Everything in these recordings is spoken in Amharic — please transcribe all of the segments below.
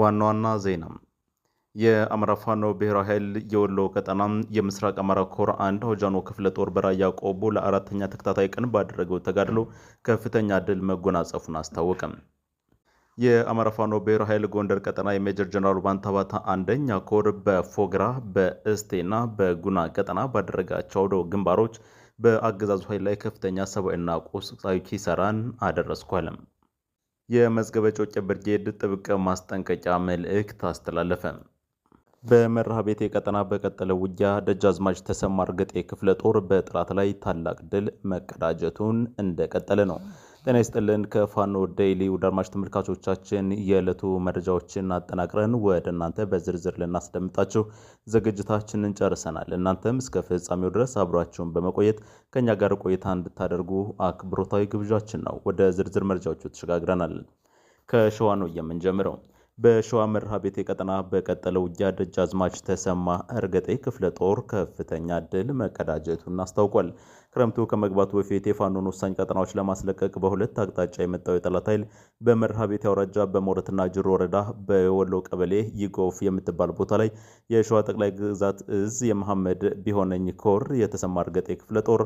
ዋና ዋና ዜና የአማራ ፋኖ ብሔራዊ ኃይል የወሎ ቀጠና የምስራቅ አማራ ኮር አንድ ሆጃኖ ክፍለ ጦር በራያ ቆቦ ለአራተኛ ተከታታይ ቀን ባደረገው ተጋድሎ ከፍተኛ ድል መጎናጸፉን አስታወቀ። የአማራ ፋኖ ብሔራዊ ኃይል ጎንደር ቀጠና የሜጀር ጀነራል ባንታባታ አንደኛ ኮር በፎግራ በእስቴና በጉና ቀጠና ባደረጋቸው አውደ ግንባሮች በአገዛዙ ኃይል ላይ ከፍተኛ ሰብአዊና ቁሳዊ ኪሳራን አደረስኳለም። የመዝገበ ጮቄ ብርጌድ ጥብቅ ማስጠንቀቂያ መልእክት አስተላለፈ። በመርሃ ቤቴ ቀጠና በቀጠለ ውጊያ ደጃዝማች ተሰማ እርገጤ ክፍለ ጦር በጥላት ላይ ታላቅ ድል መቀዳጀቱን እንደቀጠለ ነው። ጤና ይስጥልን ከፋኖ ዴይሊ ውድ አድማጭ ተመልካቾቻችን የዕለቱ መረጃዎችን አጠናቅረን ወደ እናንተ በዝርዝር ልናስደምጣችሁ ዝግጅታችንን ጨርሰናል። እናንተም እስከ ፍጻሜው ድረስ አብሯችሁን በመቆየት ከእኛ ጋር ቆይታ እንድታደርጉ አክብሮታዊ ግብዣችን ነው። ወደ ዝርዝር መረጃዎቹ ተሸጋግረናል። ከሸዋ ነው የምንጀምረው። በሸዋ መርሃ ቤቴ ቀጠና በቀጠለ ውጊያ ደጃዝማች ተሰማ እርገጤ ክፍለ ጦር ከፍተኛ ድል መቀዳጀቱን አስታውቋል። ክረምቱ ከመግባቱ በፊት የፋኖን ወሳኝ ቀጠናዎች ለማስለቀቅ በሁለት አቅጣጫ የመጣው የጠላት ኃይል በመርሃ ቤት አውራጃ በሞረትና ጅሮ ወረዳ በወሎ ቀበሌ ይጎፍ የምትባል ቦታ ላይ የሸዋ ጠቅላይ ግዛት እዝ የመሐመድ ቢሆነኝ ኮር የተሰማ እርገጤ ክፍለ ጦር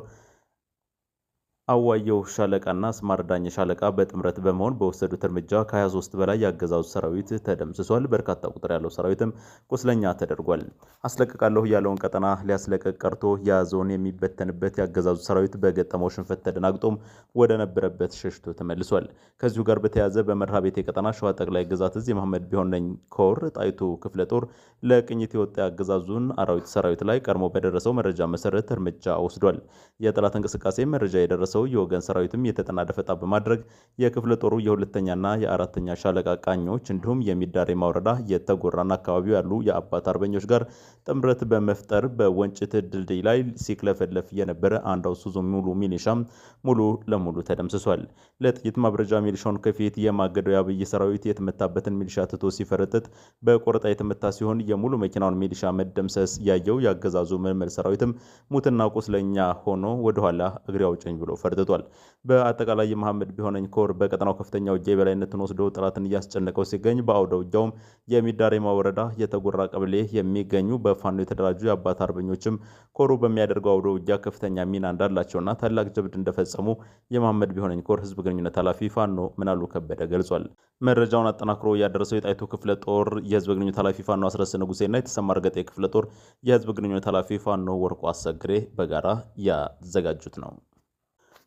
አዋየው ሻለቃና ስማርዳኝ ሻለቃ በጥምረት በመሆን በወሰዱት እርምጃ ከ23 በላይ የአገዛዙ ሰራዊት ተደምስሷል። በርካታ ቁጥር ያለው ሰራዊትም ቁስለኛ ተደርጓል። አስለቀቃለሁ ያለውን ቀጠና ሊያስለቅቅ ቀርቶ የያዘውን የሚበተንበት የአገዛዙ ሰራዊት በገጠመው ሽንፈት ተደናግጦም ወደ ነበረበት ሸሽቶ ተመልሷል። ከዚሁ ጋር በተያያዘ በመርሃ ቤቴ ቀጠና ሸዋ ጠቅላይ ግዛት እዝ የመሐመድ ቢሆነኝ ኮር ጣይቱ ክፍለ ጦር ለቅኝት የወጣ የአገዛዙን አራዊት ሰራዊት ላይ ቀድሞ በደረሰው መረጃ መሰረት እርምጃ ወስዷል። የጠላት እንቅስቃሴ መረጃ የደረሰው የደረሰው የወገን ሰራዊትም የተጠና ደፈጣ በማድረግ የክፍለ ጦሩ የሁለተኛና የአራተኛ ሻለቃ ቃኞች እንዲሁም የሚዳሬ ማውረዳ የተጎራና አካባቢው ያሉ የአባት አርበኞች ጋር ጥምረት በመፍጠር በወንጭት ድልድይ ላይ ሲክለፈለፍ የነበረ አንዳው ሱዙ ሙሉ ሚሊሻም ሙሉ ለሙሉ ተደምስሷል። ለጥይት ማብረጃ ሚሊሻውን ከፊት የማገደው የአብይ ሰራዊት የተመታበትን ሚሊሻ ትቶ ሲፈረጥጥ በቆረጣ የተመታ ሲሆን የሙሉ መኪናውን ሚሊሻ መደምሰስ ያየው ያገዛዙ ምልምል ሰራዊትም ሙትና ቁስለኛ ሆኖ ወደኋላ እግሬ አውጭኝ ብሎ ፈርጥጧል። በአጠቃላይ የመሐመድ ቢሆነኝ ኮር በቀጠናው ከፍተኛ ውጊያ የበላይነትን ወስዶ ጠላትን እያስጨነቀው ሲገኝ በአውደ ውጊያውም የሚዳሬማ ወረዳ የተጎራ ቀበሌ የሚገኙ በፋኖ የተደራጁ የአባት አርበኞችም ኮሩ በሚያደርገው አውደ ውጊያ ከፍተኛ ሚና እንዳላቸውና ታላቅ ጀብድ እንደፈጸሙ የመሐመድ ቢሆነኝ ኮር ህዝብ ግንኙነት ኃላፊ ፋኖ ምናሉ ከበደ ገልጿል። መረጃውን አጠናክሮ ያደረሰው የጣይቱ ክፍለ ጦር የህዝብ ግንኙነት ኃላፊ ፋኖ አስረስ ንጉሴና የተሰማ እርገጤ ክፍለ ጦር የህዝብ ግንኙነት ኃላፊ ፋኖ ወርቆ አሰግሬ በጋራ ያዘጋጁት ነው።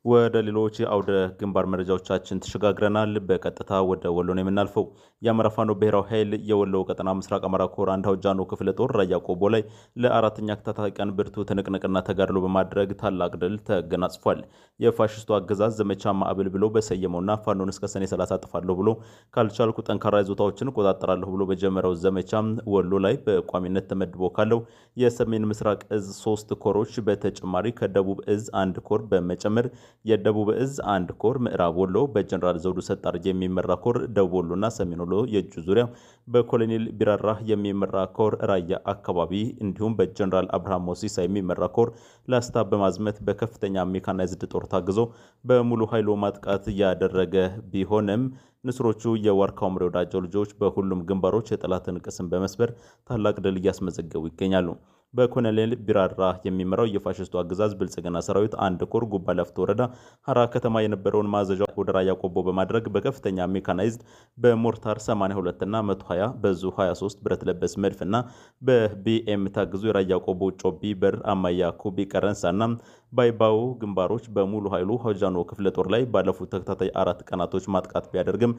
ወደ ሌሎች አውደ ግንባር መረጃዎቻችን ተሸጋግረናል። በቀጥታ ወደ ወሎ ነው የምናልፈው። የአማራ ፋኖ ብሔራዊ ኃይል የወሎ ቀጠና ምስራቅ አማራ ኮር አንድ አውጃኖ ክፍለ ጦር ራያ ቆቦ ላይ ለአራተኛ ተከታታይ ቀን ብርቱ ትንቅንቅና ተጋድሎ በማድረግ ታላቅ ድል ተገናጽፏል። የፋሽስቱ አገዛዝ ዘመቻ ማዕበል ብሎ በሰየመውና ፋኖን እስከ ሰኔ 30 አጥፋለሁ ብሎ ካልቻልኩ ጠንካራ ይዞታዎችን እቆጣጠራለሁ ብሎ በጀመረው ዘመቻ ወሎ ላይ በቋሚነት ተመድቦ ካለው የሰሜን ምስራቅ እዝ ሶስት ኮሮች በተጨማሪ ከደቡብ እዝ አንድ ኮር በመጨመር የደቡብ እዝ አንድ ኮር ምዕራብ ወሎ በጀኔራል ዘውዱ ሰጣርጅ የሚመራ ኮር ደቡብ ወሎና ሰሜን ወሎ የእጁ ዙሪያ በኮሎኔል ቢራራ የሚመራ ኮር ራያ አካባቢ እንዲሁም በጀኔራል አብርሃም ሞሲሳ የሚመራ ኮር ላስታ በማዝመት በከፍተኛ ሜካናይዝድ ጦር ታግዞ በሙሉ ኃይሎ ማጥቃት ያደረገ ቢሆንም ንስሮቹ የዋርካው ምሬ ወዳጆ ልጆች በሁሉም ግንባሮች የጠላትን ቅስም በመስበር ታላቅ ድል እያስመዘገቡ ይገኛሉ። በኮሎኔል ቢራራ የሚመራው የፋሽስቱ አገዛዝ ብልጽግና ሰራዊት አንድ ኮር ጉባ ለፍቶ ወረዳ ሀራ ከተማ የነበረውን ማዘዣ ወደ ራያ ቆቦ በማድረግ በከፍተኛ ሜካናይዝድ በሞርታር 82 እና 120 በዙ 23 ብረት ለበስ መድፍ እና በቢኤም ታግዙ የራያ ቆቦ ጮቢ በር አማያ ኩቢ ቀረንሳ እና ባይባው ግንባሮች በሙሉ ኃይሉ ሆጃኖ ክፍለ ጦር ላይ ባለፉት ተከታታይ አራት ቀናቶች ማጥቃት ቢያደርግም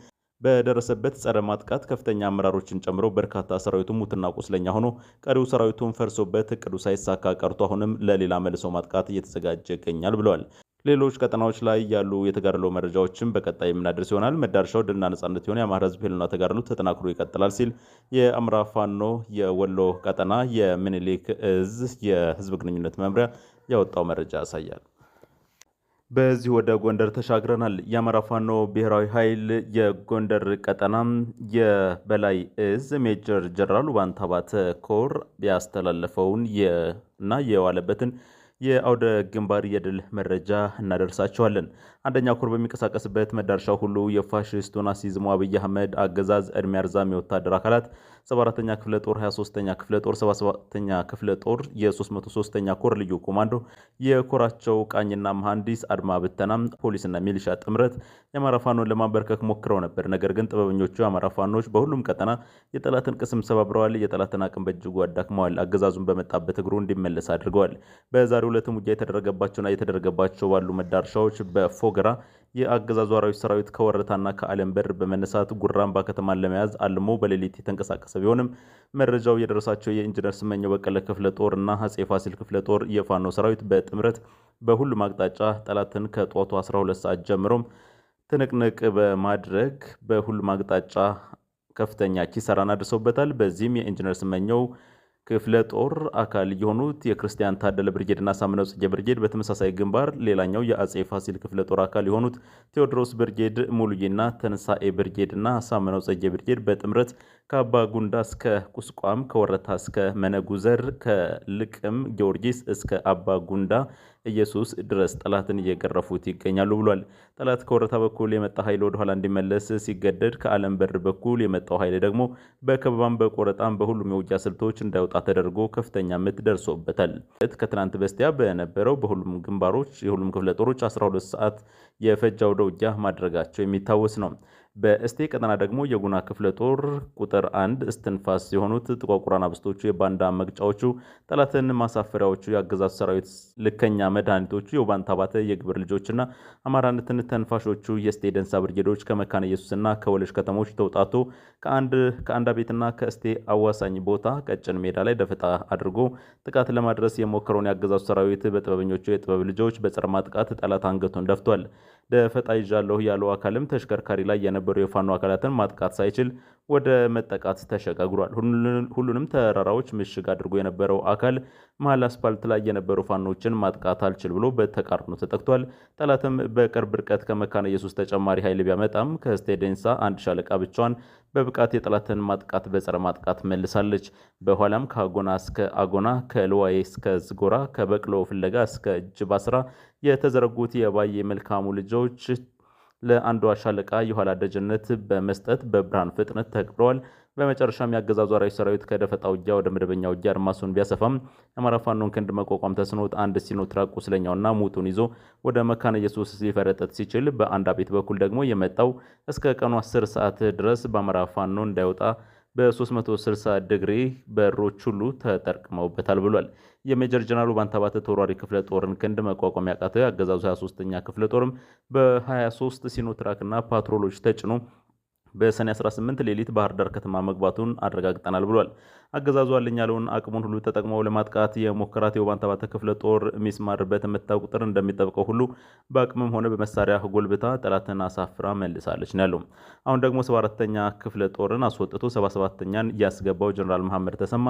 በደረሰበት ጸረ ማጥቃት ከፍተኛ አመራሮችን ጨምሮ በርካታ ሰራዊቱ ሙትና ቁስለኛ ሆኖ ቀሪው ሰራዊቱን ፈርሶበት እቅዱ ሳይሳካ ቀርቶ አሁንም ለሌላ መልሶ ማጥቃት እየተዘጋጀ ይገኛል ብለዋል። ሌሎች ቀጠናዎች ላይ ያሉ የተጋድሎ መረጃዎችን በቀጣይ የምናደርስ ይሆናል። መዳረሻው ድልና ነጻነት ሲሆን የአማራ ሕዝብ ሕልውና ተጋድሎ ተጠናክሮ ይቀጥላል ሲል የአማራ ፋኖ የወሎ ቀጠና የምኒልክ እዝ የህዝብ ግንኙነት መምሪያ ያወጣው መረጃ ያሳያል። በዚህ ወደ ጎንደር ተሻግረናል። የአማራ ፋኖ ብሔራዊ ኃይል የጎንደር ቀጠና የበላይ እዝ ሜጀር ጀነራል ባንታባተ ኮር ያስተላለፈውን እና የዋለበትን የአውደ ግንባር የድል መረጃ እናደርሳቸዋለን። አንደኛ ኮር በሚንቀሳቀስበት መዳረሻ ሁሉ የፋሽስቱን ናሲዝሙ አብይ አህመድ አገዛዝ እድሜ አርዛም የወታደር አካላት 74ኛ ክፍለ ጦር፣ 23ኛ ክፍለ ጦር፣ 77ተኛ ክፍለ ጦር፣ የ303ኛ ኮር ልዩ ኮማንዶ፣ የኮራቸው ቃኝና መሐንዲስ፣ አድማ ብተናም፣ ፖሊስና ሚሊሻ ጥምረት የአማራ ፋኖን ለማንበርከክ ሞክረው ነበር። ነገር ግን ጥበበኞቹ የአማራ ፋኖች በሁሉም ቀጠና የጠላትን ቅስም ሰባብረዋል። የጠላትን አቅም በእጅጉ አዳክመዋል። አገዛዙን በመጣበት እግሩ እንዲመለስ አድርገዋል። በዛሬው ዕለትም ውጊያ የተደረገባቸውና የተደረገባቸው ባሉ መዳረሻዎች በፎ ፎገራ የአገዛዙ አራዊት ሰራዊት ከወረታና ከአለም በር በመነሳት ጉራምባ ከተማን ለመያዝ አልሞ በሌሊት የተንቀሳቀሰ ቢሆንም መረጃው የደረሳቸው የኢንጂነር ስመኘው በቀለ ክፍለ ጦር እና አፄ ፋሲል ክፍለ ጦር የፋኖ ሰራዊት በጥምረት በሁሉም አቅጣጫ ጠላትን ከጧቱ 12 ሰዓት ጀምሮም ትንቅንቅ በማድረግ በሁሉም አቅጣጫ ከፍተኛ ኪሳራን አድርሰውበታል። በዚህም የኢንጂነር ስመኘው ክፍለ ጦር አካል የሆኑት የክርስቲያን ታደለ ብርጌድና ሳምነው ጽጌ ብርጌድ በተመሳሳይ ግንባር፣ ሌላኛው የአጼ ፋሲል ክፍለ ጦር አካል የሆኑት ቴዎድሮስ ብርጌድ፣ ሙሉዬና ተንሳኤ ብርጌድና ሳምነው ጽጌ ብርጌድ በጥምረት ከአባ ጉንዳ እስከ ቁስቋም ከወረታ እስከ መነጉዘር ከልቅም ጊዮርጊስ እስከ አባ ጉንዳ ኢየሱስ ድረስ ጠላትን እየገረፉት ይገኛሉ ብሏል። ጠላት ከወረታ በኩል የመጣ ኃይል ወደኋላ እንዲመለስ ሲገደድ፣ ከዓለም በር በኩል የመጣው ኃይል ደግሞ በከበባም በቆረጣም በሁሉም የውጊያ ስልቶች እንዳይወጣ ተደርጎ ከፍተኛ ምት ደርሶበታል። ከትናንት በስቲያ በነበረው በሁሉም ግንባሮች የሁሉም ክፍለ ጦሮች 12 ሰዓት የፈጃ ወደ ውጊያ ማድረጋቸው የሚታወስ ነው። በእስቴ ቀጠና ደግሞ የጉና ክፍለ ጦር ቁጥር አንድ እስትንፋስ የሆኑት ጥቋቁራን አብስቶቹ የባንዳ መግጫዎቹ፣ ጠላትን ማሳፈሪያዎቹ፣ የአገዛዝ ሰራዊት ልከኛ መድኃኒቶቹ፣ የውባንታ ባተ የግብር ልጆችና አማራነትን ተንፋሾቹ የእስቴ ደንሳ ብርጌዶች ከመካነ ኢየሱስና ከወለሽ ከተሞች ተውጣቶ ከአንድ ከአንዳ ቤትና ከእስቴ አዋሳኝ ቦታ ቀጭን ሜዳ ላይ ደፈጣ አድርጎ ጥቃት ለማድረስ የሞከረውን የአገዛዙ ሰራዊት በጥበበኞቹ የጥበብ ልጆች በጸረ ጥቃት ጠላት አንገቱን ደፍቷል። ደፈጣ ይዣለሁ ያለው አካልም ተሽከርካሪ ላይ የነበሩ የፋኖ አካላትን ማጥቃት ሳይችል ወደ መጠቃት ተሸጋግሯል። ሁሉንም ተራራዎች ምሽግ አድርጎ የነበረው አካል መሀል አስፓልት ላይ የነበሩ ፋኖችን ማጥቃት አልችል ብሎ በተቃርኖ ተጠቅቷል። ጠላትም በቅርብ ርቀት ከመካነ ኢየሱስ ተጨማሪ ኃይል ቢያመጣም ከስቴደንሳ አንድ ሻለቃ ብቻዋን በብቃት የጠላትን ማጥቃት በጸረ ማጥቃት መልሳለች። በኋላም ከአጎና እስከ አጎና፣ ከልዋይ እስከ ዝጎራ፣ ከበቅሎ ፍለጋ እስከ እጅባ ስራ የተዘረጉት የባዬ መልካሙ ልጆች ለአንዷ ሻለቃ የኋላ ደጅነት በመስጠት በብርሃን ፍጥነት ተግብረዋል። በመጨረሻም የአገዛዙ አራዊት ሰራዊት ከደፈጣ ውጊያ ወደ መደበኛ ውጊያ አድማሱን ቢያሰፋም የአማራ ፋኖን ክንድ መቋቋም ተስኖት አንድ ሲኖትራክ ቁስለኛውና ሙቱን ይዞ ወደ መካነ ኢየሱስ ሊፈረጠት ሲችል በአንድ አቤት በኩል ደግሞ የመጣው እስከ ቀኑ 10 ሰዓት ድረስ በአማራ ፋኖ እንዳይወጣ በ360 ዲግሪ በሮች ሁሉ ተጠርቅመውበታል ብሏል። የሜጀር ጀነራሉ ባንታባተ ተወራሪ ክፍለ ጦርን ክንድ መቋቋም ያቃተው አገዛዙ 23ኛ ክፍለ ጦርም በ23 ሲኖትራክና ፓትሮሎች ተጭኖ በሰኔ 18 ሌሊት ባህር ዳር ከተማ መግባቱን አረጋግጠናል ብሏል። አገዛዙ አለኝ ያለውን አቅሙን ሁሉ ተጠቅመው ለማጥቃት የሞከራት የውባንተ ክፍለ ጦር ሚስማር በተመታ ቁጥር እንደሚጠብቀው ሁሉ በአቅምም ሆነ በመሳሪያ ጎልብታ ጠላትን አሳፍራ መልሳለች ነው ያለው። አሁን ደግሞ 74ተኛ ክፍለ ጦርን አስወጥቶ 77ተኛን ያስገባው ጀኔራል መሐመድ ተሰማ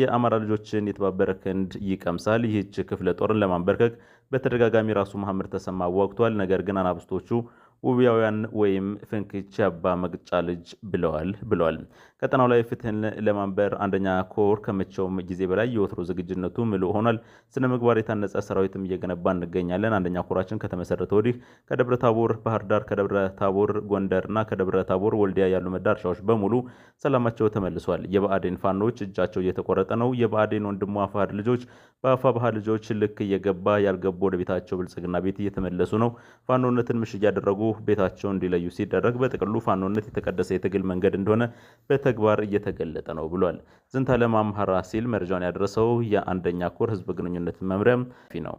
የአማራ ልጆችን የተባበረ ክንድ ይቀምሳል። ይህች ክፍለ ጦርን ለማንበርከክ በተደጋጋሚ ራሱ መሐመድ ተሰማ አዋግቷል። ነገር ግን አናብስቶቹ ውቢያውያን ወይም ፍንክች መግጫ ልጅ ብለዋል ብለዋል። ቀጠናው ላይ ፍትህን ለማንበር አንደኛ ኮር ከመቼውም ጊዜ በላይ የወትሮ ዝግጅነቱ ምሉ ሆኗል። ስነ ምግባር የታነጸ ሰራዊትም እየገነባ እንገኛለን። አንደኛ ኮራችን ከተመሰረተ ወዲህ ከደብረ ታቦር ባህር ዳር፣ ከደብረ ታቦር ጎንደር እና ከደብረ ታቦር ወልዲያ ያሉ መዳረሻዎች በሙሉ ሰላማቸው ተመልሷል። የብአዴን ፋኖች እጃቸው እየተቆረጠ ነው። የብአዴን ወንድሞ አፋድ ልጆች በአፋ ባህር ልጆች ልክ እየገባ ያልገቡ ወደ ቤታቸው ብልጽግና ቤት እየተመለሱ ነው። ፋኖነትን ምሽ እያደረጉ ቤታቸው እንዲለዩ ሲደረግ በጥቅሉ ፋኖነት የተቀደሰ የትግል መንገድ እንደሆነ በተግባር እየተገለጠ ነው ብሏል። ዝንታለም አምሃራ ሲል መረጃውን ያደረሰው የአንደኛ ኮር ህዝብ ግንኙነት መምሪያ ፊ ነው።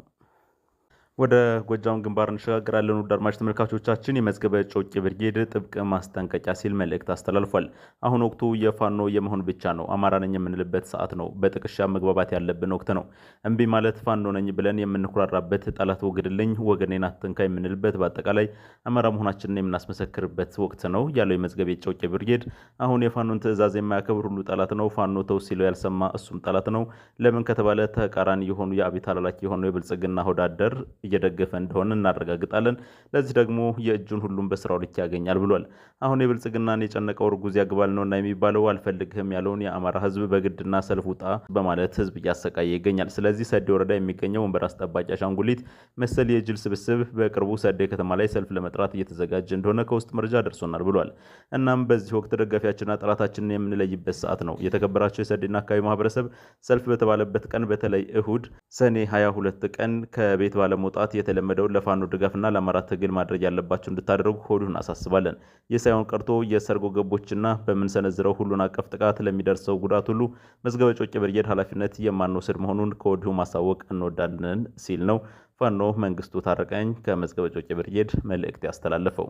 ወደ ጎጃም ግንባር እንሸጋግራለን። ውድ አድማጭ ተመልካቾቻችን የመዝገበ ጮቄ ብርጌድ ጥብቅ ማስጠንቀቂያ ሲል መልእክት አስተላልፏል። አሁን ወቅቱ የፋኖ የመሆን ብቻ ነው፣ አማራ ነኝ የምንልበት ሰዓት ነው። በጥቅሻ መግባባት ያለብን ወቅት ነው። እምቢ ማለት ፋኖ ነኝ ብለን የምንኩራራበት፣ ጠላት ወግድልኝ፣ ወገኔን አትንካ የምንልበት፣ በአጠቃላይ አማራ መሆናችንን የምናስመሰክርበት ወቅት ነው ያለው የመዝገበ ጮቄ ብርጌድ። አሁን የፋኖን ትዕዛዝ የማያከብር ሁሉ ጠላት ነው። ፋኖ ተው ሲለው ያልሰማ እሱም ጠላት ነው። ለምን ከተባለ ተቃራኒ የሆኑ የአብይ ተላላኪ የሆነው የብልጽግና ሆዳደር እየደገፈ እንደሆነ እናረጋግጣለን። ለዚህ ደግሞ የእጁን ሁሉም በስራው ልክ ያገኛል ብሏል። አሁን የብልጽግናን የጨነቀው እርጉዝ ያግባል ነውና የሚባለው አልፈልግህም ያለውን የአማራ ህዝብ በግድና ሰልፍ ውጣ በማለት ህዝብ እያሰቃየ ይገኛል። ስለዚህ ሰዴ ወረዳ የሚገኘው ወንበር አስጠባቂ አሻንጉሊት መሰል የጅል ስብስብ በቅርቡ ሰዴ ከተማ ላይ ሰልፍ ለመጥራት እየተዘጋጀ እንደሆነ ከውስጥ መረጃ ደርሶናል ብሏል። እናም በዚህ ወቅት ደጋፊያችንና ጠላታችንን የምንለይበት ሰዓት ነው። የተከበራቸው የሰዴና አካባቢ ማህበረሰብ ሰልፍ በተባለበት ቀን በተለይ እሁድ ሰኔ 22 ቀን ከቤት ባለሞ በመውጣት የተለመደውን ለፋኖ ድጋፍና ለአማራ ትግል ማድረግ ያለባቸው እንድታደርጉ ከወዲሁ አሳስባለን። ይህ ሳይሆን ቀርቶ የሰርጎ ገቦችና በምንሰነዝረው ሁሉን አቀፍ ጥቃት ለሚደርሰው ጉዳት ሁሉ መዝገበ ጮቄ ብርጌድ ኃላፊነት የማንወስድ መሆኑን ከወዲሁ ማሳወቅ እንወዳለን ሲል ነው ፋኖ መንግስቱ ታረቀኝ ከመዝገበ ጮቄ ብርጌድ መልእክት ያስተላለፈው።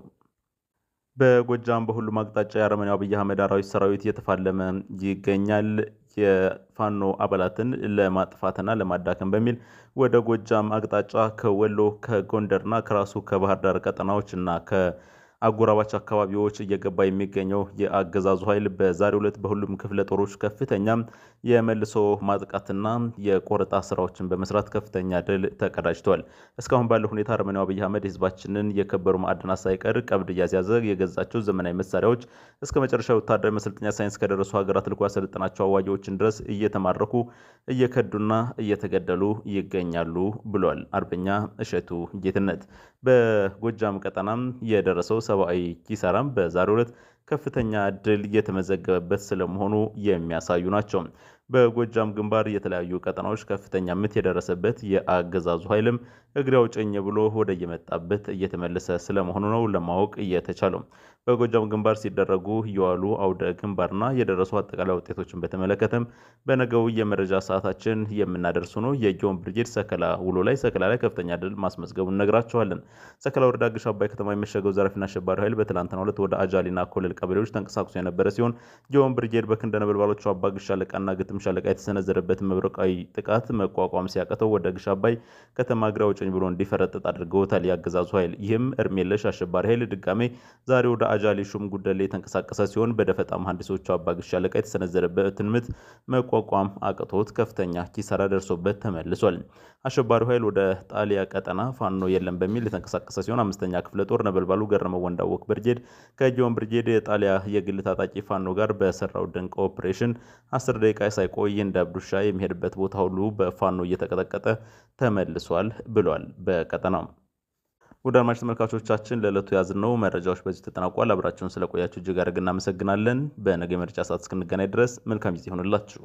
በጎጃም በሁሉም አቅጣጫ የአረመኔው አብይ አህመድ አራዊት ሰራዊት እየተፋለመ ይገኛል። የፋኖ አባላትን ለማጥፋትና ለማዳከም በሚል ወደ ጎጃም አቅጣጫ ከወሎ ከጎንደርና ከራሱ ከባህር ዳር ቀጠናዎች እና አጎራባች አካባቢዎች እየገባ የሚገኘው የአገዛዙ ኃይል በዛሬው ዕለት በሁሉም ክፍለ ጦሮች ከፍተኛ የመልሶ ማጥቃትና የቆረጣ ስራዎችን በመስራት ከፍተኛ ድል ተቀዳጅቷል። እስካሁን ባለው ሁኔታ አርመኒው አብይ አህመድ ህዝባችንን የከበሩ ማዕድናት ሳይቀር ቀብድ እያስያዘ የገዛቸው ዘመናዊ መሳሪያዎች እስከ መጨረሻ ወታደራዊ መሰልጠኛ ሳይንስ ከደረሱ ሀገራት ልኮ ያሰለጠናቸው አዋጊዎችን ድረስ እየተማረኩ እየከዱና እየተገደሉ ይገኛሉ ብሏል። አርበኛ እሸቱ ጌትነት በጎጃም ቀጠናም የደረሰው ሰብአዊ ኪሳራም በዛሬው ዕለት ከፍተኛ ድል የተመዘገበበት ስለመሆኑ የሚያሳዩ ናቸው። በጎጃም ግንባር የተለያዩ ቀጠናዎች ከፍተኛ ምት የደረሰበት የአገዛዙ ኃይልም እግሬ አውጭኝ ብሎ ወደ የመጣበት እየተመለሰ ስለመሆኑ ነው ለማወቅ እየተቻለው። በጎጃም ግንባር ሲደረጉ የዋሉ አውደ ግንባርና የደረሱ አጠቃላይ ውጤቶችን በተመለከተም በነገው የመረጃ ሰዓታችን የምናደርሱ ነው። የጊዮን ብርጌድ ሰከላ ውሎ ላይ ሰከላ ላይ ከፍተኛ ድል ማስመዝገቡን እነግራችኋለን። ሰከላ ወረዳ ግሽ አባይ ከተማ የመሸገው ዘራፊና አሸባሪ ኃይል በትናንትናው ዕለት ወደ አጃሊና ኮልል ቀበሌዎች ተንቀሳቅሶ የነበረ ሲሆን ጊዮን ብርጌድ በክንደነበልባሎቹ አባ ግሻ ለቃና ግጥም ሻለቃ የተሰነዘረበትን መብረቃዊ ጥቃት መቋቋም ሲያቅተው ወደ ግሽ አባይ ከተማ ግራ ውጭኝ ብሎ እንዲፈረጥጥ አድርገውታል ያገዛዙ ኃይል። ይህም እርሜለሽ አሸባሪ ኃይል ድጋሜ ዛሬ ወደ አጃሌ ሹም ጉደሌ የተንቀሳቀሰ ሲሆን በደፈጣ መሐንዲሶቹ አባ ግሽ ሻለቃ የተሰነዘረበትን ምት መቋቋም አቅቶት ከፍተኛ ኪሳራ ደርሶበት ተመልሷል። አሸባሪው ኃይል ወደ ጣሊያ ቀጠና ፋኖ የለም በሚል የተንቀሳቀሰ ሲሆን አምስተኛ ክፍለ ጦር ነበልባሉ ገረመው ወንዳወቅ ብርጌድ ከጆን ብርጌድ የጣሊያ የግል ታጣቂ ፋኖ ጋር በሰራው ድንቅ ኦፕሬሽን አስር ደቂቃ ሳይቆይ እንደ አብዱሻ የሚሄድበት ቦታ ሁሉ በፋኖ እየተቀጠቀጠ ተመልሷል ብሏል። በቀጠናው ወደ አድማጭ ተመልካቾቻችን ለዕለቱ ያዝነው መረጃዎች በዚህ ተጠናቋል። አብራችሁን ስለቆያችሁ እጅግ አድርገን እናመሰግናለን። በነገ መረጃ ሰዓት እስክንገናኝ ድረስ መልካም ጊዜ ይሆንላችሁ።